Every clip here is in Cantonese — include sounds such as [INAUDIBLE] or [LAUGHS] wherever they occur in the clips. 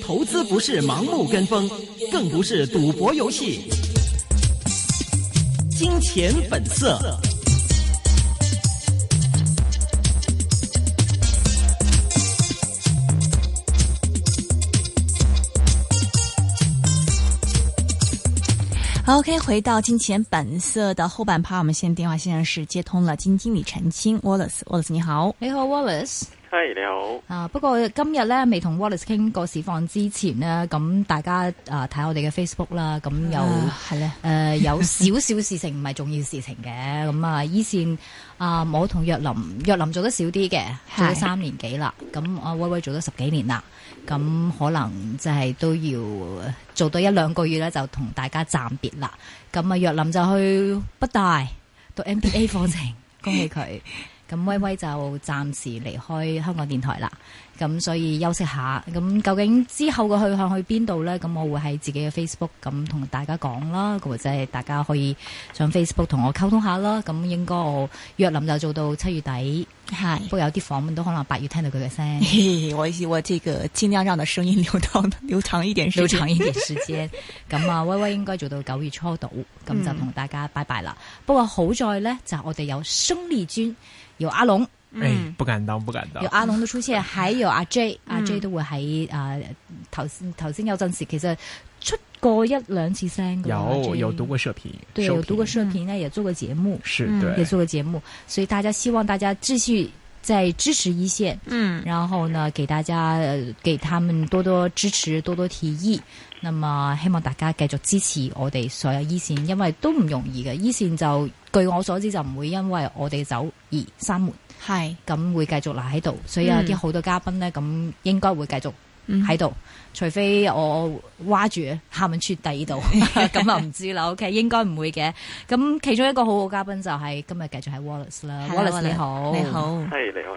投資不是盲目跟風，更不是賭博遊戲。金錢本色。OK，回到金錢本色的後半趴，我們現在電話線上是接通了金經理陳昕。Wallace，Wallace 你好，你好 Wallace。Hey, 你好。啊，不過今日咧未同 Wallace 傾過市況之前呢，咁大家啊睇我哋嘅 Facebook 啦。咁、啊、有係咧，誒、 [LAUGHS] 呃、有少少事情唔係重要事情嘅。咁啊，以前啊，我同若林，若林做得少啲嘅，做咗三年幾啦。咁阿是、啊、威威做咗十幾年啦。咁、啊、可能即係都要做到一兩個月咧，就同大家暫別啦。咁啊，若林就去北大讀 MBA 課程， [LAUGHS] 恭喜佢。咁威威就暫時離開香港電台啦，咁所以休息下。咁究竟之後嘅去向去邊度呢？咁我會喺自己嘅 Facebook 咁同大家講啦，或者大家可以上 Facebook 同我溝通下啦。咁應該我約林就做到七月底，係、嗯啊、不過有啲訪問都可能八月聽到佢嘅聲。我是、嗯、我這個盡量讓嘅聲音留到留長一點，留長一點時間咁 [LAUGHS] 啊，威威應該做到九月初度，咁就同大家拜拜啦。嗯、不過好在呢，就我哋有孫麗娟。有阿龍，哎、嗯，不敢當，不敢當。有阿龍的出現，還有阿 J，、嗯、阿 J 都會喺啊，頭先頭先有陣時，其實出過一兩次聲。有阿 J, 有讀過社評，對，評有讀過社評，呢、嗯、也做過節目，是對，也做過節目，所以大家希望大家繼續。即係支持一線，嗯，然後呢，給大家給他們多多支持，多多提議。那麼希望大家繼續支持我哋所有一線，因為都唔容易嘅。一線就據我所知就唔會因為我哋走而閂門，係咁是會繼續留喺度。所以有啲好多嘉賓呢，咁應該會繼續。嗯喺度、嗯，除非我挖住喊住出第二度，咁就唔知啦。 [LAUGHS] OK，應該唔會嘅。咁其中一個好好嘉賓就係、是、今日繼續係 Wallace 啦。的 Wallace 你好，你好，係你好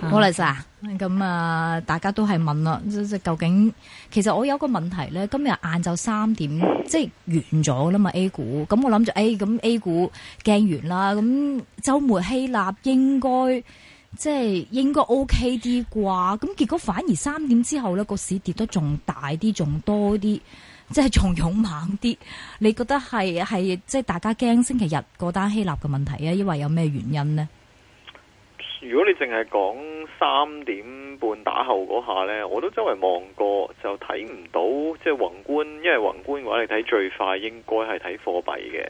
你好。Wallace 啊，咁啊，大家都係問啦，即究竟其實我有個問題咧。今日晏晝三點即係完咗啦嘛 A 股嘛，咁、mm. 我諗住，哎、欸，咁 A 股驚完啦，咁周末希臘應該。即係應該 OK 啲啩，咁結果反而三點之後呢個市跌得仲大啲，仲多啲，即係仲勇猛啲。你覺得係係即係大家驚星期日個單希臘嘅問題啊？因為有咩原因呢？如果你淨係講三點半打後嗰下呢，我都周圍望過，就睇唔到。即係宏觀，因為宏觀嘅話你睇最快應該係睇貨幣嘅。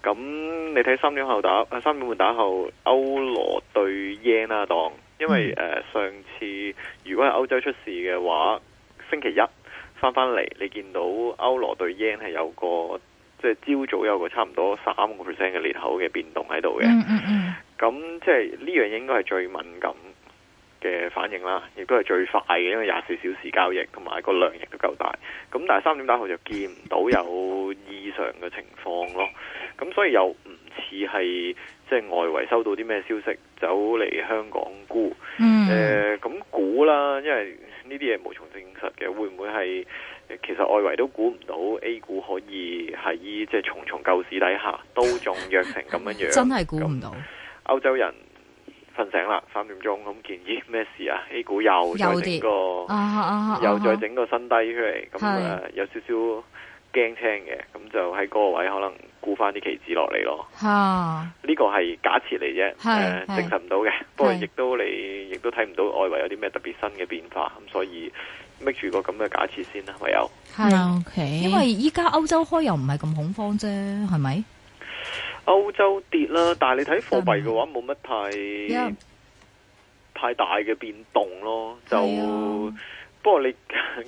咁你睇三點後打，三點半打後歐羅兌。啦，當因為誒、呃，上次如果係歐洲出事嘅話，星期一翻翻嚟，你見到歐羅對 Yen 係有個即係朝早有個差唔多三個 percent 嘅裂口嘅變動喺度嘅。嗯咁 [LAUGHS] 即係呢樣應該係最敏感嘅反應啦，亦都係最快嘅，因為廿四小時交易同埋個量亦都夠大。咁但係三點打後就見唔到有異常嘅情況咯。咁所以又唔似係即係外圍收到啲咩消息。走嚟香港估，誒、嗯，咁估啦，因為呢啲嘢無從證實嘅，會唔會係其實外圍都估唔到 A 股可以喺即係重重救市底下都仲弱成咁樣樣？真係估唔到，歐洲人瞓醒啦，三點鐘咁，見咦咩事啊？A 股又再整個，又，跌又再整個新低出嚟，咁啊有少少。驚青嘅，咁就喺嗰個位可能估翻啲期指落嚟咯。吓、啊，呢個係假設嚟啫，誒，證實唔到嘅。是不過亦都你亦都睇唔到外圍有啲咩特別新嘅變化，咁是所以搣住個咁嘅假設先啦，唯有，係是、嗯、，OK。因為依家歐洲開又唔係咁恐慌啫，係咪？歐洲跌啦，但係你睇貨幣嘅話冇乜太的太大嘅變動咯，就。不過你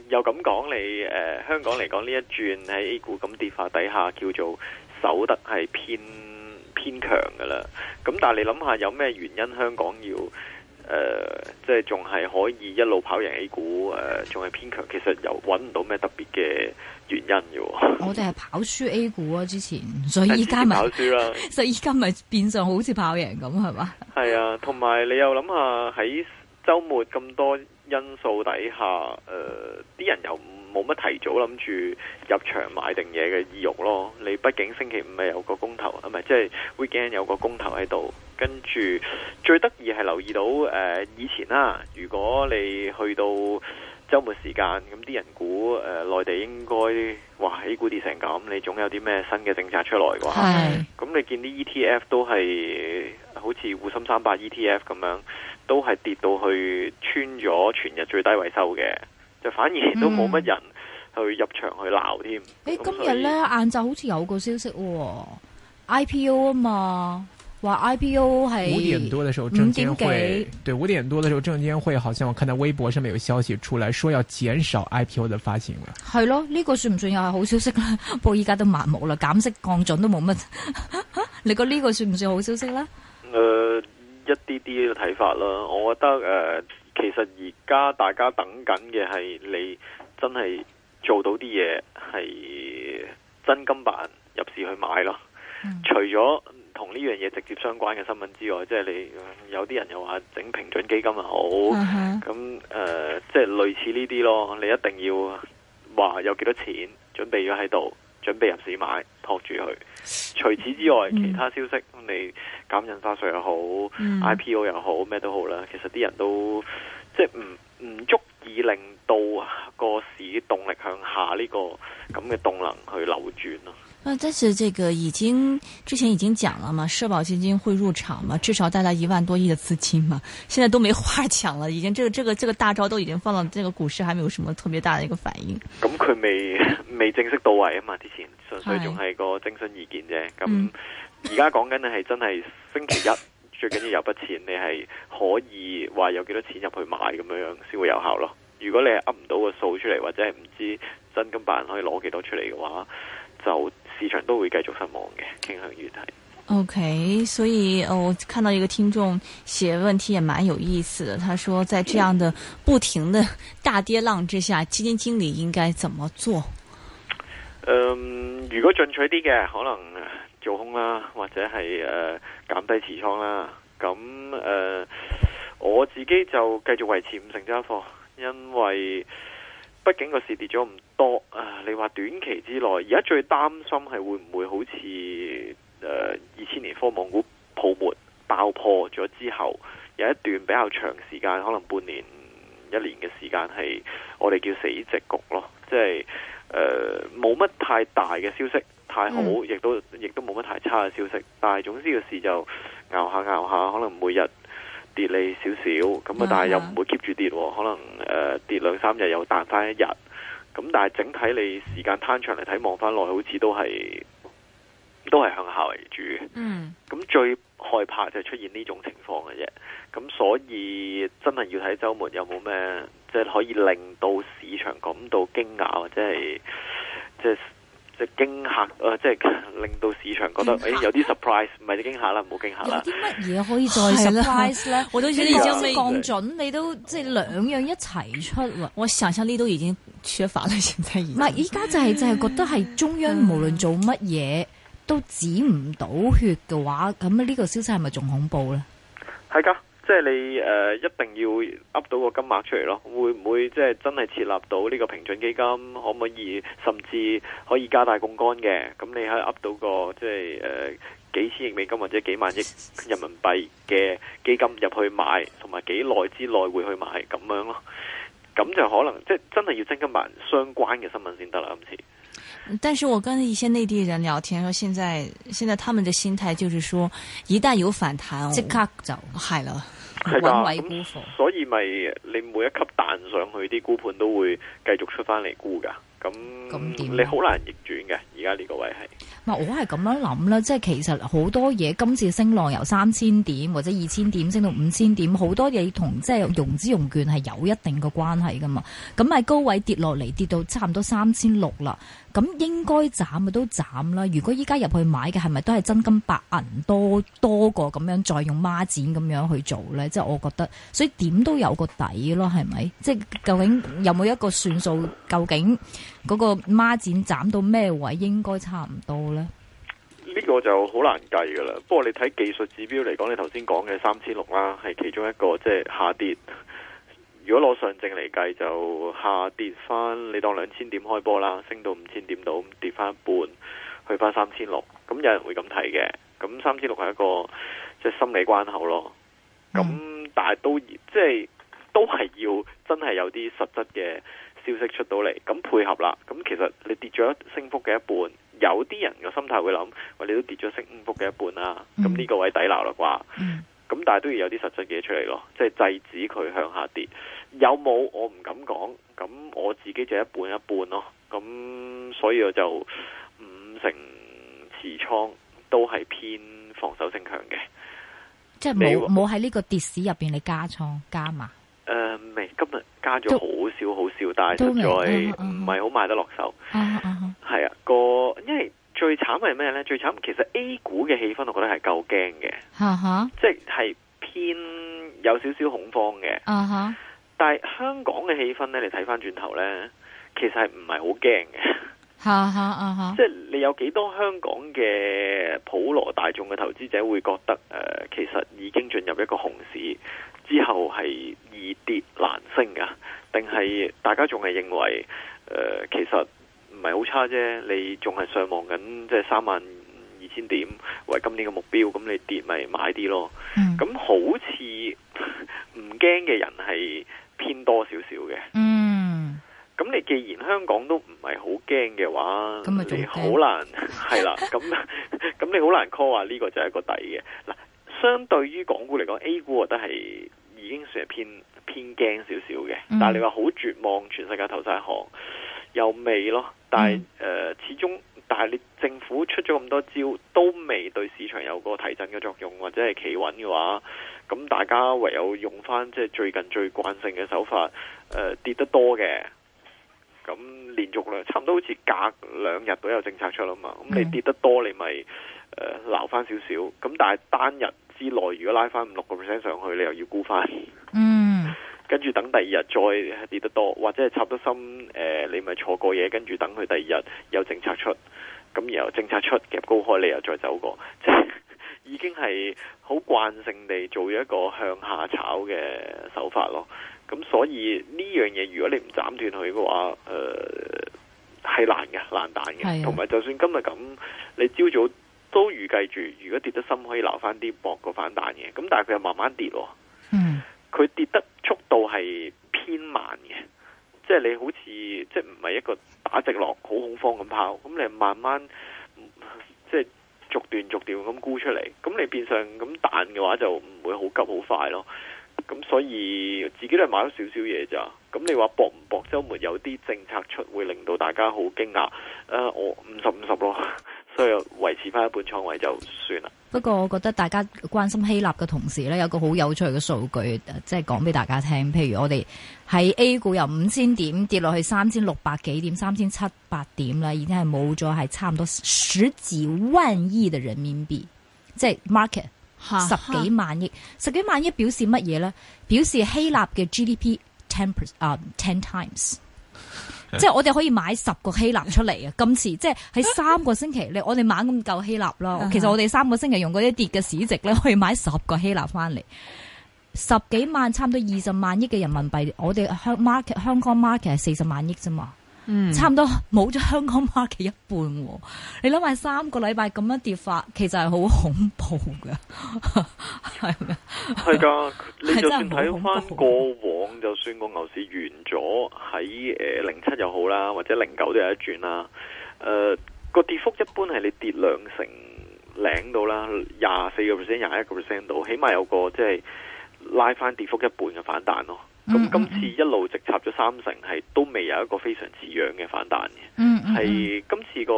又咁講，你誒、呃、香港嚟講呢一轉喺 A 股咁跌法底下，下叫做守得係偏偏強噶啦。咁但係你諗下有咩原因香港要誒，即係仲係可以一路跑贏 A 股誒，仲、呃、係偏強？其實又搵唔到咩特別嘅原因嘅。我哋係跑輸 A 股啊，之前所以而家咪跑輸啦，所以而家咪變相好似跑贏咁係嘛？係 [LAUGHS] 啊，同埋你又諗下喺周末咁多。因素底下，誒、呃、啲人又冇乜提早諗住入場買定嘢嘅意欲咯。你畢竟星期五係有個公投，咪即係、就是、weekend 有個公投喺度，跟住最得意係留意到、呃、以前啦、啊，如果你去到。周末時間，咁啲人估，誒、呃，內地應該，哇，喺股跌成咁，你總有啲咩新嘅政策出來啩？咁是你見啲 ETF 都係好似滬深三百 ETF 咁樣，都係跌到去穿咗全日最低位收嘅，就反而都冇乜人去入場去鬧添。你、嗯、今日呢晏晝好似有個消息，IPO 啊嘛。話 IPO 喺五點多的時候證，證監會對五點多的時候，證監會好像我看到微博上面有消息出來說要減少 IPO 的發行喎。係咯，呢、這個算唔算又係好消息咧？不過而家都麻木啦，減息降準都冇乜。 [LAUGHS] 你覺呢個算唔算好消息咧？誒、呃，一啲啲嘅睇法啦。我覺得誒、呃，其實而家大家等緊嘅係你真係做到啲嘢係真金白銀，入市去買咯。嗯、除咗。同呢樣嘢直接相關嘅新聞之外，即係你有啲人又話整平準基金又好，咁、 [MUSIC] 呃、即係類似呢啲咯。你一定要話有幾多錢準備咗喺度，準備入市買托住佢。除此之外，嗯、其他消息，你減印花稅又好，IPO 又好，咩、嗯、都好啦。其實啲人都即係唔唔足以令到個市動力向下呢、呢個咁嘅動能去扭轉咯。啊！但是這個已經之前已經講了嘛，社保基金會入場嘛，至少帶來一萬多億的資金嘛。現在都沒話講了，已經這個這個這個大招都已經放到，這個股市還沒有什麼特別大的一個反應。咁佢未未正式到位啊嘛，之前純粹仲係個徵詢意見啫。咁而家講緊咧係真係星期一，最緊要有筆錢，你係可以話有幾多錢入去買咁樣樣先會有效咯。如果你係呃唔到個數出嚟，或者係唔知真金白銀可以攞幾多出嚟嘅話，就。市場都會繼續失望嘅，傾向於係。O、okay, K，所以我看到一個聽眾寫問題，也蠻有意思嘅。他說，在這樣的不停的大跌浪之下，嗯、基金經理應該怎麼做？嗯，如果進取啲嘅，可能做空啦，或者係誒減低持倉啦。咁誒、呃，我自己就繼續維持五成持貨，因為。畢竟個市跌咗咁多啊，你話短期之內，而家最擔心係會唔會好似誒二千年科網股泡沫爆破咗之後，有一段比較長時間，可能半年、一年嘅時間係我哋叫死直局咯，即係誒冇乜太大嘅消息，太好亦、嗯、都亦都冇乜太差嘅消息，但係總之個市就熬下熬下，可能每日。跌你少少，咁啊，但係又唔會 keep 住跌，可能誒、呃、跌兩三日又彈翻一日，咁但係整體你時間攤長嚟睇，望翻落去好似都係都係向下為主。嗯，咁最害怕就係出現呢種情況嘅啫，咁所以真係要睇周末有冇咩，即係可以令到市場感到驚訝或者係即係。即係即係即係驚嚇，即係令到市場覺得誒有啲 surprise，唔係驚嚇啦，唔好驚嚇啦。有啲乜嘢可以再 surprise 咧？ [LAUGHS] 啊、我都而且而家未降準，你都即係兩樣一齊出啦。我成日呢都已經出咗法律性質。唔 [LAUGHS] 係、 [LAUGHS] 就係，依家就係就係覺得係中央無論做乜嘢都止唔到血嘅話，咁呢個消息係咪仲恐怖咧？係噶。即係你誒、呃，一定要噏到個金額出嚟咯，會唔會即係真係設立到呢個平準基金？可唔可以甚至可以加大槓桿嘅？咁你可以噏到個即係誒、呃、幾千億美金或者幾萬億人民幣嘅基金入去買，同埋幾耐之內會去買咁樣咯？咁就可能即係真係要增加埋相關嘅新聞先得啦，今次，但是我跟一些內地人聊天，說現在現在他們嘅心態就是說，一旦有反彈，即刻就……」係喇！係啦，位、所，所以咪你每一級彈上去，啲股盤都會繼續出翻嚟沽噶，咁你好難逆轉嘅。而家呢個位係，嗱、嗯、我係咁樣諗啦，即係其實好多嘢今次升浪由三千點或者二千點升到五千點，好多嘢同即係融資融券係有一定嘅關係噶嘛。咁喺高位跌落嚟，跌到差唔多三千六啦。咁應該斬咪都斬啦！如果依家入去買嘅係咪都係真金白銀多多過咁樣，再用孖展咁樣去做呢？即係我覺得，所以點都有個底咯，係咪？即係究竟有冇一個算數？究竟嗰個孖展斬到咩位應該差唔多呢？呢個就好難計噶啦。不過你睇技術指標嚟講，你頭先講嘅三千六啦，係其中一個即係下跌。如果攞上證嚟計就下跌翻，你當兩千點開波啦，升到五千點度，跌翻一半，去翻三千六，咁有人會咁睇嘅，咁三千六係一個即係心理關口咯。咁但係都即係都係要真係有啲實質嘅消息出到嚟，咁配合啦。咁其實你跌咗升幅嘅一半，有啲人嘅心態會諗，喂，你都跌咗升幅嘅一半啦，咁呢個位抵鬧啦啩？咁但係都要有啲實際嘢，出嚟咯，即係制止佢向下跌。有冇我唔敢講，咁我自己就一半一半咯。咁所以我就五成持倉都係偏防守性強嘅，即係冇冇，喺呢個跌市入邊你加倉加嘛？誒、呃，未，今日加咗好少好少，但係實在唔係好賣得落手。係、嗯嗯嗯嗯嗯、啊，那個因為。最慘係咩呢？最慘其實 A 股嘅氣氛，我覺得係夠驚嘅，uh huh. 即係偏有少少恐慌嘅。Uh huh. 但係香港嘅氣氛呢，你睇翻轉頭呢，其實係唔係好驚嘅。Uh huh. uh huh. 即係你有幾多香港嘅普羅大眾嘅投資者會覺得，誒、呃，其實已經進入一個熊市之後係易跌難升啊？定係大家仲係認為，呃、其實？唔係好差啫，你仲係上望緊，即係三萬二千點為今年嘅目標，咁你跌咪買啲咯。咁、嗯、好似唔驚嘅人係偏多少少嘅。嗯，咁你既然香港都唔係好驚嘅話，咁你好難係 [LAUGHS] 啦。咁咁 [LAUGHS] [LAUGHS] 你好難 call 話、啊、呢、這個就係一個底嘅。嗱，相對於港股嚟講，A 股我覺得係已經算係偏偏驚少少嘅。嗯、但係你話好絕望，全世界投曬行。又未咯，但係誒、嗯呃，始終但係你政府出咗咁多招，都未對市場有個提振嘅作用，或者係企穩嘅話，咁大家唯有用翻即係最近最慣性嘅手法、呃，跌得多嘅，咁連續量差唔多好似隔兩日都有政策出啦嘛，咁、嗯、你跌得多你咪誒撈翻少少，咁、呃、但係單日之內如果拉翻五六個 percent 上去，你又要沽翻。跟住等第二日再跌得多，或者係插得深，誒、呃，你咪錯過嘢。跟住等佢第二日有政策出，咁、嗯、然後政策出夾高開，你又再走過，即係已經係好慣性地做咗一個向下炒嘅手法咯。咁、嗯、所以呢樣嘢，如果你唔斬斷佢嘅話，誒、呃，係難嘅，難彈嘅。同埋的就算今日咁，你朝早都預計住，如果跌得深，可以留翻啲搏個反彈嘅。咁但係佢又慢慢跌咯，佢、嗯、跌得。速度係偏慢嘅，即係你好似即係唔係一個打直落好恐慌咁拋，咁你慢慢即係逐段逐段咁沽出嚟，咁你變相咁彈嘅話就唔會好急好快咯。咁所以自己都係買咗少少嘢咋，咁你話搏唔搏？周末有啲政策出會令到大家好驚訝，誒、呃，我五十五十咯。50, 50所以維持翻一半倉位就算啦。不過我覺得大家關心希臘嘅同時咧，有個好有趣嘅數據，即係講俾大家聽。譬如我哋喺 A 股由五千點跌落去三千六百幾點，三千七百點啦，已經係冇咗係差唔多十幾萬億嘅人民幣，即係 market 哈哈十幾萬億。十幾萬億表示乜嘢咧？表示希臘嘅 GDP ten per cent 啊，ten times。即係我哋可以買十個希臘出嚟啊！ [LAUGHS] 今次即係喺三個星期咧， [LAUGHS] 我哋猛咁夠希臘咯。 [LAUGHS] 其實我哋三個星期用嗰啲跌嘅市值咧，可以買十個希臘翻嚟，十幾萬差唔多二十萬億嘅人民幣，我哋香 market 香港 market 係四十萬億啫嘛。嗯、差唔多冇咗香港 market 一半，你諗下三個禮拜咁樣跌法，其實係好恐怖噶，係 [LAUGHS] 咪吧？係噶，你就算睇翻過往，過往就算個牛市完咗喺誒零七又好啦，或者零九都有一轉啦，誒、呃、個跌幅一般係你跌兩成零度啦，廿四個 percent、廿一個 percent 度，起碼有個即係拉翻跌幅一半嘅反彈咯。咁今次一路直，直插咗三成，係都未有一個非常似樣嘅反彈嘅。係今、嗯嗯、次個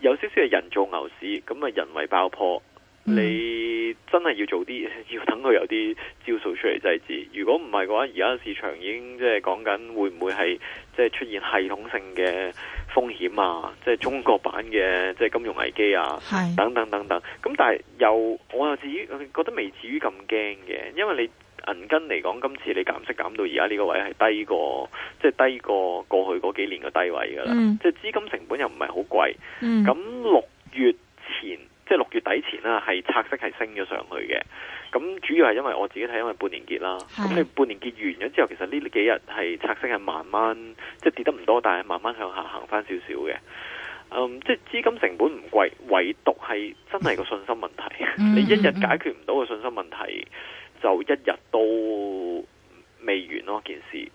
有少少嘅人造牛市，咁啊人為爆破，嗯、你真係要做啲，要等佢有啲招數出嚟制止。如果唔係嘅話，而家市場已經即係講緊會唔會係即係出現系統性嘅風險啊？即係中國版嘅即係金融危機啊？是等等等等。咁但係又我又至於覺得未至於咁驚嘅，因為你。銀根嚟講，今次你減息減到而家呢個位係低過，即、就、係、是、低過過去嗰幾年嘅低位噶啦。嗯、即係資金成本又唔係好貴。咁六、嗯、月前，即係六月底前啦，係拆息係升咗上去嘅。咁主要係因為我自己睇，因為半年結啦。咁是你半年結,結完咗之後，其實呢幾日係拆息係慢慢即係跌得唔多，但係慢慢向下行翻少少嘅。即係資金成本唔貴，唯獨係真係個信心問題。嗯、 [LAUGHS] 你一日解決唔到個信心問題。嗯嗯就一日都未完咯件事，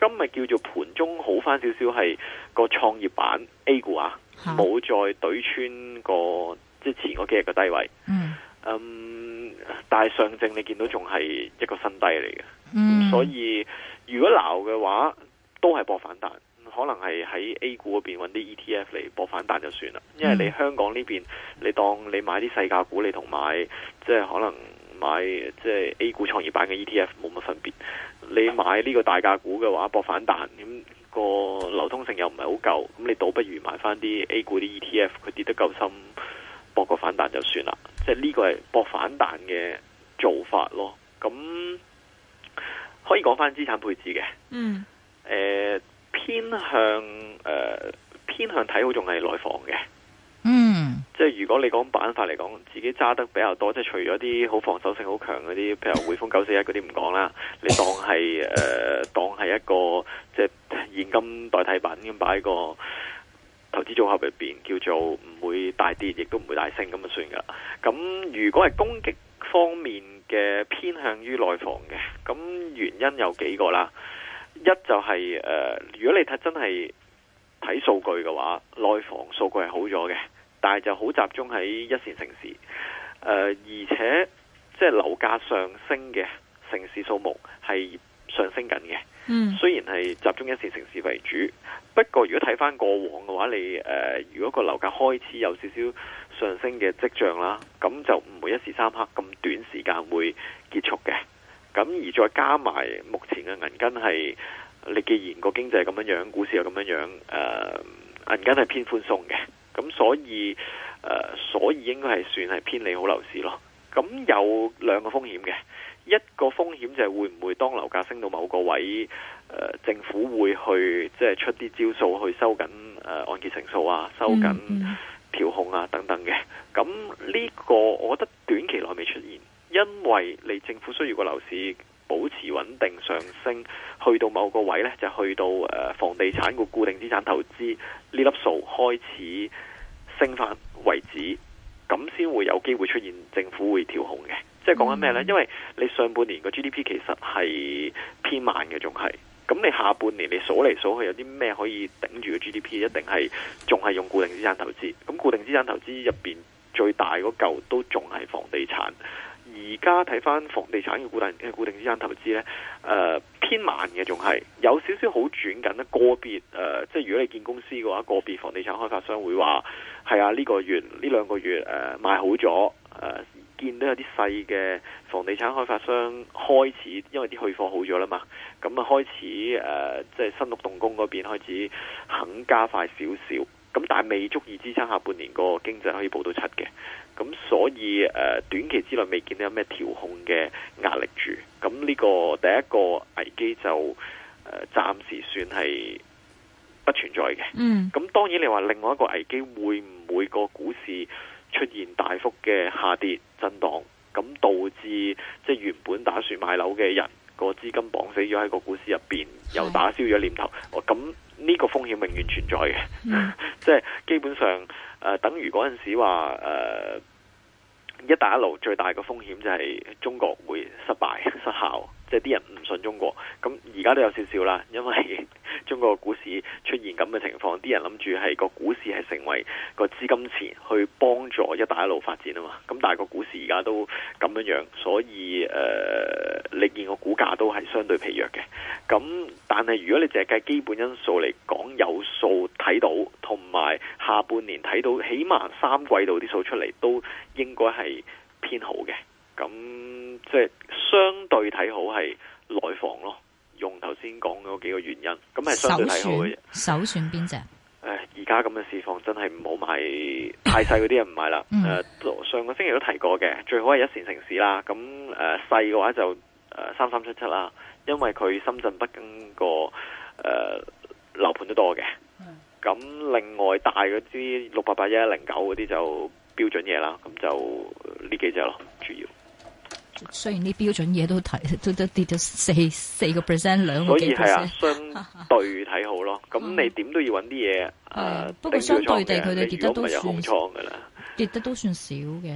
今日叫做盤中好翻少少，係個創業板 A 股啊，冇哈再懟穿過即係前嗰幾日嘅低位。嗯、嗯，但係上證你見到仲係一個新低嚟嘅，嗯、所以如果鬧嘅話，都係搏反彈，可能係喺 A 股嗰邊揾啲 ETF 嚟搏反彈就算啦。因為你香港呢邊，你當你買啲細價股，你同買即係可能。買即係、就是、A 股創業板嘅 ETF 冇乜分別，你買呢個大價股嘅話博反彈，咁、那個流通性又唔係好夠，咁你倒不如買翻啲 A 股啲 ETF，佢跌得夠深，博個反彈就算啦。即係呢個係博反彈嘅做法咯。咁可以講翻資產配置嘅，嗯，誒、呃，偏向誒、呃，偏向睇好仲係內房嘅。即係如果你講板塊嚟講，自己揸得比較多，即係除咗啲好防守性好強嗰啲，譬如匯豐九四一嗰啲唔講啦，你當係誒、呃、當係一個即係現金代替品咁擺喺個投資組合入邊，叫做唔會大跌，亦都唔會大升咁就算噶啦。咁如果係攻擊方面嘅偏向於內房嘅，咁原因有幾個啦，一就係、是、誒、呃，如果你睇真係睇數據嘅話，內房數據係好咗嘅。但係就好集中喺一線城市，呃、而且即係樓價上升嘅城市數目係上升緊嘅。嗯，雖然係集中一線城市為主，不過如果睇返過往嘅話，你誒、呃，如果個樓價開始有少少上升嘅跡象啦，咁就唔會一時三刻咁短時間會結束嘅。咁而再加埋目前嘅銀根係，你既然個經濟咁樣樣，股市又咁樣樣，誒、呃，銀根係偏寬鬆嘅。咁所以，誒、呃，所以應該係算係偏利好樓市咯。咁有兩個風險嘅，一個風險就係會唔會當樓價升到某個位，誒、呃，政府會去即係、就是、出啲招數去收緊誒、呃、按揭成數啊，收緊調控啊等等嘅。咁呢個我覺得短期內未出現，因為你政府需要個樓市，保持穩定上升，去到某個位呢，就去到誒房地產個固定資產投資呢粒數開始升翻為止，咁先會有機會出現政府會調控嘅。即係講緊咩呢？因為你上半年個 GDP 其實係偏慢嘅，仲係。咁你下半年你數嚟數去有啲咩可以頂住個 GDP？一定係仲係用固定資產投資。咁固定資產投資入邊最大嗰嚿都仲係房地產。而家睇翻房地產嘅固定固定資產投資呢，呃、偏慢嘅仲係有少少好轉緊啦。個別誒、呃，即係如果你見公司嘅話，個別房地產開發商會話係啊，呢、呢個月呢兩個月誒、呃、賣好咗，誒、呃、見到有啲細嘅房地產開發商開始，因為啲去貨好咗啦嘛，咁啊開始誒、呃，即係新屋動工嗰邊開始肯加快少少。咁但係未足以支撐下半年個經濟可以保到七嘅，咁所以誒短期之內未見到有咩調控嘅壓力住，咁呢個第一個危機就誒暫時算係不存在嘅。嗯。咁當然你話另外一個危機會唔會個股市出現大幅嘅下跌震盪，咁導致即係原本打算買樓嘅人。個資金綁死咗喺個股市入邊，又打消咗念頭。哦，咁呢個風險永遠存在嘅，即 [LAUGHS] 係基本上誒、呃，等於嗰陣時話誒、呃，一帶一路最大嘅風險就係中國會失敗失效。即係啲人唔信中國，咁而家都有少少啦。因為中國股市出現咁嘅情況，啲人諗住係個股市係成為個資金池，去幫助一帶一路發展啊嘛。咁但係個股市而家都咁樣樣，所以誒，你見個股價都係相對疲弱嘅。咁但係如果你淨係計基本因素嚟講，有數睇到，同埋下半年睇到，起碼三季度啲數出嚟都應該係偏好嘅。咁即係相對睇好係內房咯，用頭先講嗰幾個原因，咁係相對睇好嘅。首選邊隻？而家咁嘅市況真係唔好買，太細嗰啲就唔買啦、 [COUGHS] 嗯呃。上個星期都提過嘅，最好係一綫城市啦。咁誒細嘅話就三三七七啦，因為佢深圳不、北京個誒樓盤都多嘅。咁、嗯、另外大嗰啲六八八一一零九嗰啲就標準嘢啦。咁就呢幾隻咯，主要。雖然啲標準嘢都提，都都跌咗四四個 percent，兩個 percent，所以係啊，幾相對睇好咯。咁 [LAUGHS] 你點都要搵啲嘢誒，不過相對地，佢哋跌得都算。跌得都算少嘅，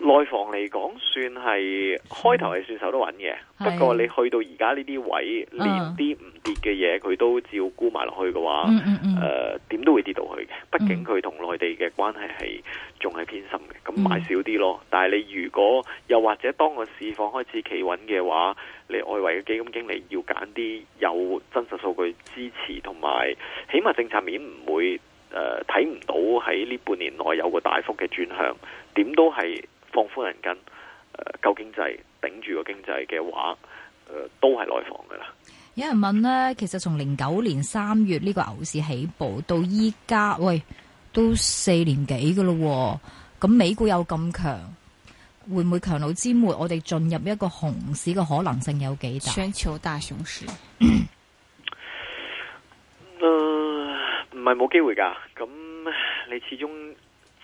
內房嚟講算係開頭係算守得穩嘅。是不過你去到而家呢啲位，啊、連啲唔跌嘅嘢佢都照顧埋落去嘅話，誒點、嗯嗯嗯呃、都會跌到去嘅。畢、嗯、竟佢同內地嘅關係係仲係偏心嘅，咁買少啲咯。嗯、但係你如果又或者當個市況開始企穩嘅話，你外圍嘅基金經理要揀啲有真實數據的支持，同埋起碼政策面唔會。誒，睇唔、呃、到喺呢半年內有個大幅嘅轉向，點都係放寬銀根誒，救經濟頂住個經濟嘅話，誒、呃、都係內房噶啦。有人問咧，其實從零九年三月呢個牛市起步到依家，喂，都四年幾噶咯，咁美股有咁強，會唔會強弩之末，我哋進入一個熊市嘅可能性有幾大？全球大熊市。 [COUGHS] 唔係冇機會㗎，咁你始終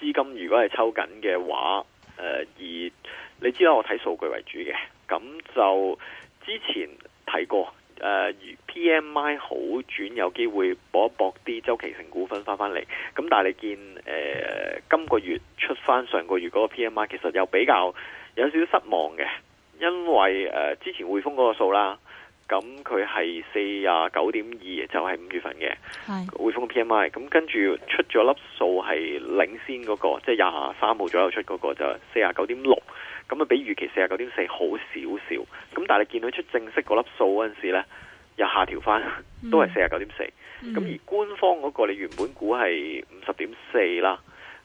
資金如果係抽緊嘅話、呃，而你知啦，我睇數據為主嘅，咁就之前提過誒、呃、P M I 好轉，有機會搏一搏啲周期性股份翻返嚟。咁但係你見誒今、呃這個月出翻上個月嗰個 P M I，其實又比較有少少失望嘅，因為誒、呃、之前匯豐嗰個數啦。咁佢係四啊九點二，就係五月份嘅匯豐 P M I。咁跟住出咗粒數係領先嗰個，即係廿三號左右出嗰個就四啊九點六，咁啊比預期四啊九點四好少少。咁但係你見到出正式嗰粒數嗰陣時呢，又下調翻，都係四啊九點四。咁而官方嗰個你原本估係五十點四啦，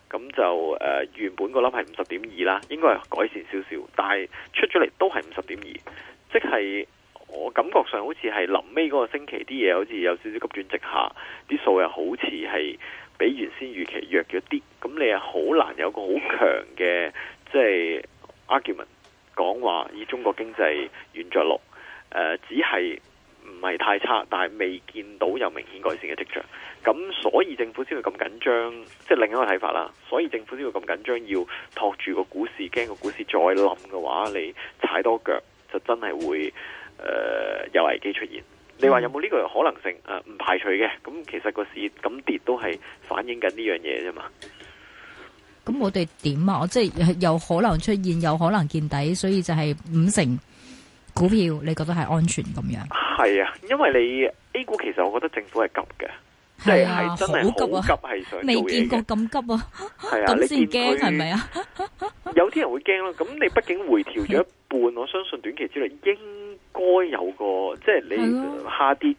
咁就誒原本嗰粒係五十點二啦，應該係改善少少，但係出咗嚟都係五十點二，即係。我感覺上好似係臨尾嗰個星期啲嘢，好似有少少急轉直下，啲數又好似係比原先預期弱咗啲。咁你係好難有個好強嘅即係、就是、argument 講話以中國經濟軟着陸，呃、只係唔係太差，但係未見到有明顯改善嘅跡象。咁所以政府先會咁緊張，即、就、係、是、另一個睇法啦。所以政府先會咁緊張，要托住個股市，驚個股市再冧嘅話，你踩多腳就真係會。誒，有、呃、危機出現，你話有冇呢個可能性？誒、嗯，唔、啊、排除嘅。咁其實個市咁跌都係反映緊呢樣嘢啫嘛。咁我哋點啊？我即係有可能出現，有可能見底，所以就係五成股票你覺得係安全咁樣？係啊，因為你 A 股其實我覺得政府係急嘅，即係係真係好急，急係最未見過咁急啊！係啊，咁先驚係咪啊？有啲人會驚囉。咁你畢竟回調咗一半，啊、我相信短期之內應。應該有個即係你下跌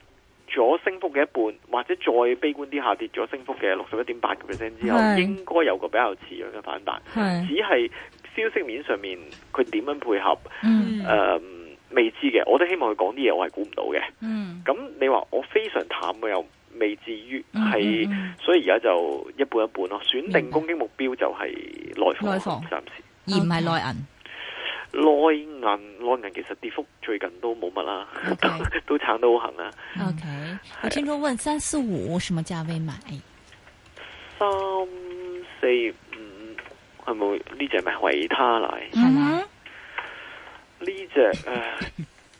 咗升幅嘅一半，的或者再悲觀啲下跌咗升幅嘅六十一點八個 percent 之後，的應該有個比較似樣嘅反彈。的只係消息面上面佢點樣配合，誒、嗯呃、未知嘅。我都希望佢講啲嘢，我係估唔到嘅。嗯，咁你話我非常淡我又未至於係，嗯嗯嗯所以而家就一半一半咯。選定攻擊目標就係內房，暫贓贓時而唔係內銀。內銀內銀其實跌幅最近都冇乜啦，Okay. 都撐得好痕啦。OK，我聽眾，問三四五什麼價位買？三四五係咪？呢隻係咪維他奶？係啦，呢隻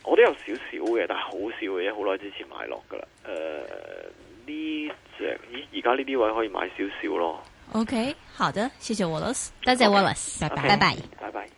我都有少少嘅，但係好少嘅，好耐之前買落噶啦。誒、呃，呢隻而而家呢啲位可以買少少咯。OK，好的，謝謝 Wallace，多謝 Wallace，拜拜拜拜拜拜。